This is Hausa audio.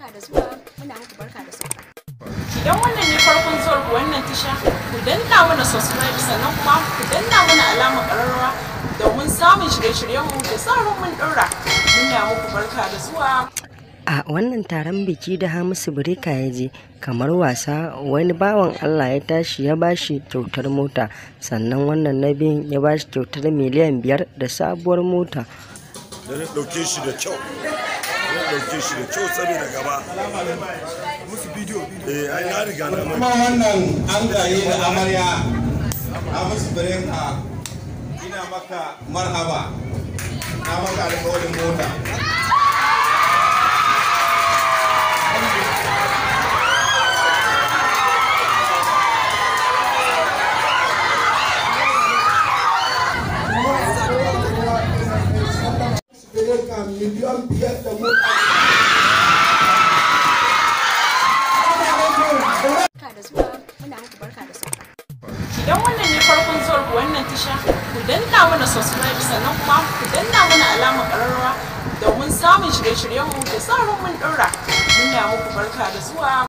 barka da zuwa muna muku barka da sauka idan wannan ne farkon zuwar ku wannan tisha ku danna mana subscribe sannan kuma ku danna mana alamar ƙararrawa domin samun shirye-shiryenmu da tsarin mun ɗora muna muku barka da zuwa a wannan taron biki da hamisu birika ya je kamar wasa wani bawan allah ya tashi ya bashi kyautar mota sannan wannan na biyun ya bashi kyautar miliyan biyar da sabuwar mota da na ɗauke shi da kyau na ɗauke shi da kyau saboda gaba musu bidiyo eh ai na riga na mai kuma wannan an gaye da amarya a musu bareka ina maka marhaba na maka alƙawarin mota naira miliyan biyar da mota da idan wannan ne farkon zuwar ku wannan tisha ku danna mana subscribe sannan kuma ku danna mana alamar ƙararrawa domin samun shirye-shiryenmu da tsarin mun ɗora muna muku barka da zuwa